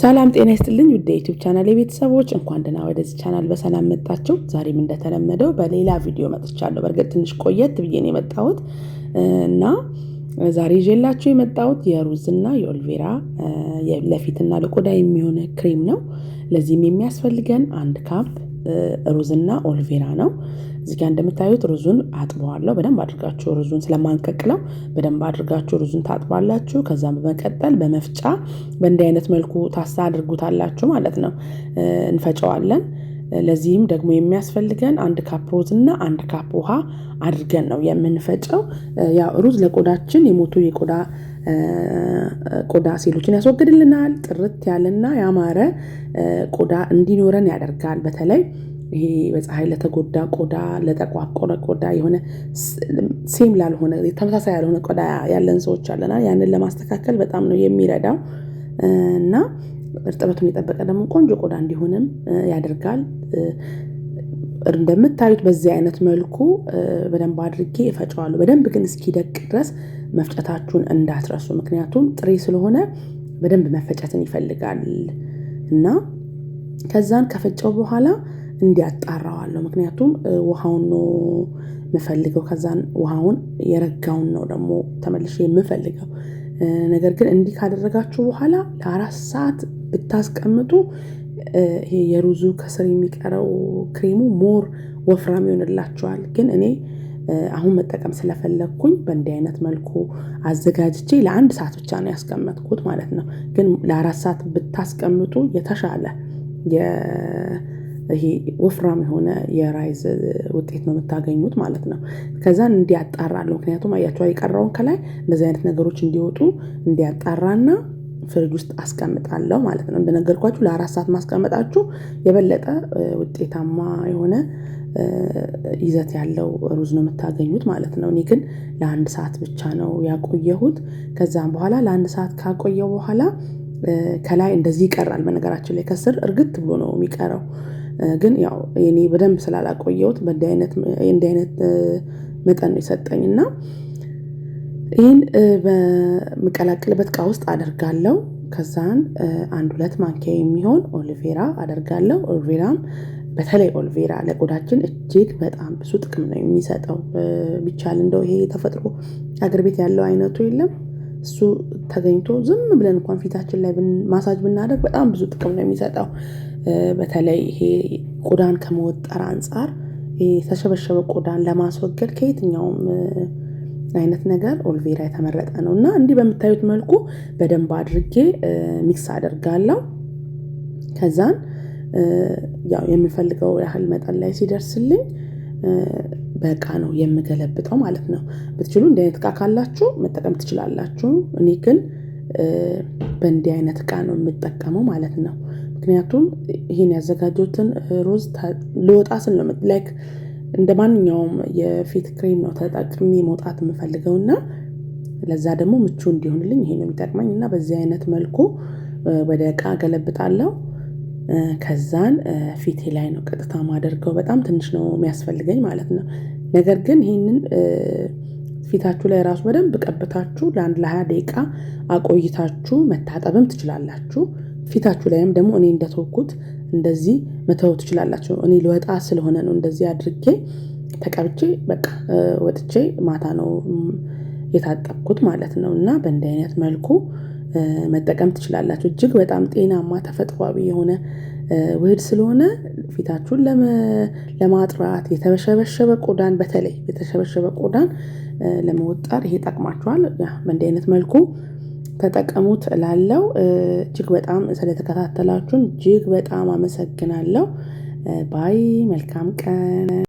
ሰላም ጤና ይስጥልኝ ውድ የዩቲዩብ ቻናል የቤተሰቦች እንኳን ደህና ወደዚህ ቻናል በሰላም መጣችሁ። ዛሬም እንደተለመደው በሌላ ቪዲዮ መጥቻለሁ። በእርግጥ ትንሽ ቆየት ብዬ ነው የመጣሁት እና ዛሬ ይዤላችሁ የመጣሁት የሩዝና የኦልቬራ ለፊትና ለቆዳ የሚሆን ክሬም ነው። ለዚህም የሚያስፈልገን አንድ ካፕ ሩዝና ኦልቬራ ነው። እዚህ ጋር እንደምታዩት ሩዙን አጥበዋለሁ። በደንብ አድርጋችሁ ሩዙን ስለማንቀቅለው በደንብ አድርጋችሁ ሩዙን ታጥባላችሁ። ከዛም በመቀጠል በመፍጫ በእንዲህ አይነት መልኩ ታሳ አድርጉታላችሁ ማለት ነው። እንፈጨዋለን። ለዚህም ደግሞ የሚያስፈልገን አንድ ካፕ ሩዝ እና አንድ ካፕ ውሃ አድርገን ነው የምንፈጨው። ያው ሩዝ ለቆዳችን የሞቱ የቆዳ ቆዳ ሴሎችን ያስወግድልናል። ጥርት ያለና ያማረ ቆዳ እንዲኖረን ያደርጋል። በተለይ ይሄ በፀሐይ ለተጎዳ ቆዳ፣ ለጠቋቆረ ቆዳ፣ የሆነ ሴም ላልሆነ ተመሳሳይ ያልሆነ ቆዳ ያለን ሰዎች አለና ያንን ለማስተካከል በጣም ነው የሚረዳው እና እርጥበቱን የጠበቀ ደግሞ ቆንጆ ቆዳ እንዲሆንም ያደርጋል። እንደምታዩት በዚህ አይነት መልኩ በደንብ አድርጌ እፈጨዋለሁ። በደንብ ግን እስኪደቅ ድረስ መፍጨታችሁን እንዳትረሱ። ምክንያቱም ጥሬ ስለሆነ በደንብ መፈጨትን ይፈልጋል እና ከዛን ከፈጨው በኋላ እንዲያጣራዋለሁ። ምክንያቱም ውሃውን ነው የምፈልገው። ከዛን ውሃውን የረጋውን ነው ደግሞ ተመልሼ የምፈልገው። ነገር ግን እንዲህ ካደረጋችሁ በኋላ ለአራት ሰዓት ብታስቀምጡ ይሄ የሩዙ ከስር የሚቀረው ክሬሙ ሞር ወፍራም ይሆንላችኋል። ግን እኔ አሁን መጠቀም ስለፈለግኩኝ በእንዲህ አይነት መልኩ አዘጋጅቼ ለአንድ ሰዓት ብቻ ነው ያስቀመጥኩት ማለት ነው። ግን ለአራት ሰዓት ብታስቀምጡ የተሻለ ይሄ ወፍራም የሆነ የራይዝ ውጤት ነው የምታገኙት ማለት ነው። ከዛን እንዲያጣራሉ ምክንያቱም አያቸዋ የቀረውን ከላይ እንደዚህ አይነት ነገሮች እንዲወጡ እንዲያጣራና ፍሪጅ ውስጥ አስቀምጣለሁ ማለት ነው። እንደነገርኳችሁ ለአራት ሰዓት ማስቀመጣችሁ የበለጠ ውጤታማ የሆነ ይዘት ያለው ሩዝ ነው የምታገኙት ማለት ነው። እኔ ግን ለአንድ ሰዓት ብቻ ነው ያቆየሁት። ከዛም በኋላ ለአንድ ሰዓት ካቆየው በኋላ ከላይ እንደዚህ ይቀራል። በነገራችን ላይ ከስር እርግት ብሎ ነው የሚቀረው። ግን ያው እኔ በደንብ ስላላቆየሁት በእንዲህ አይነት መጠን ነው የሰጠኝ እና ይህን በምቀላቅልበት እቃ ውስጥ አደርጋለሁ። ከዛን አንድ ሁለት ማንኪያ የሚሆን ኦሊቬራ አደርጋለሁ። ኦሊቬራም በተለይ ኦልቬራ ለቆዳችን እጅግ በጣም ብዙ ጥቅም ነው የሚሰጠው። ቢቻል እንደው ይሄ ተፈጥሮ አገር ቤት ያለው አይነቱ የለም እሱ ተገኝቶ ዝም ብለን እንኳን ፊታችን ላይ ማሳጅ ብናደርግ በጣም ብዙ ጥቅም ነው የሚሰጠው። በተለይ ይሄ ቆዳን ከመወጠር አንጻር የተሸበሸበ ቆዳን ለማስወገድ ከየትኛውም አይነት ነገር ኦልቬራ የተመረጠ ነው እና እንዲህ በምታዩት መልኩ በደንብ አድርጌ ሚክስ አደርጋለሁ ከዛን ያው የምፈልገው ያህል መጠን ላይ ሲደርስልኝ በእቃ ነው የምገለብጠው ማለት ነው። ብትችሉ እንዲህ አይነት እቃ ካላችሁ መጠቀም ትችላላችሁ። እኔ ግን በእንዲህ አይነት እቃ ነው የምጠቀመው ማለት ነው። ምክንያቱም ይህን ያዘጋጀሁትን ሮዝ ልወጣ ስል ነው ላይክ ማንኛውም የፊት ክሬም ነው ተጠቅሜ መውጣት የምፈልገው እና ለዛ ደግሞ ምቹ እንዲሆንልኝ ይሄ ነው የሚጠቅመኝ እና በዚህ አይነት መልኩ ወደ እቃ እገለብጣለሁ። ከዛን ፊቴ ላይ ነው ቀጥታ ማደርገው። በጣም ትንሽ ነው የሚያስፈልገኝ ማለት ነው። ነገር ግን ይህንን ፊታችሁ ላይ ራሱ በደንብ ቀብታችሁ ለአንድ ለሀያ ደቂቃ አቆይታችሁ መታጠብም ትችላላችሁ። ፊታችሁ ላይም ደግሞ እኔ እንደተወኩት እንደዚህ መተው ትችላላችሁ። እኔ ልወጣ ስለሆነ ነው እንደዚህ አድርጌ ተቀብቼ በቃ ወጥቼ ማታ ነው የታጠብኩት ማለት ነው። እና በእንዲህ አይነት መልኩ መጠቀም ትችላላችሁ። እጅግ በጣም ጤናማ ተፈጥሯዊ የሆነ ውህድ ስለሆነ ፊታችሁን ለማጥራት የተሸበሸበ ቆዳን በተለይ የተሸበሸበ ቆዳን ለመወጠር ይሄ ጠቅማችኋል። በእንዲህ አይነት መልኩ ተጠቀሙት እላለሁ። እጅግ በጣም ስለተከታተላችሁን እጅግ በጣም አመሰግናለሁ። ባይ መልካም ቀን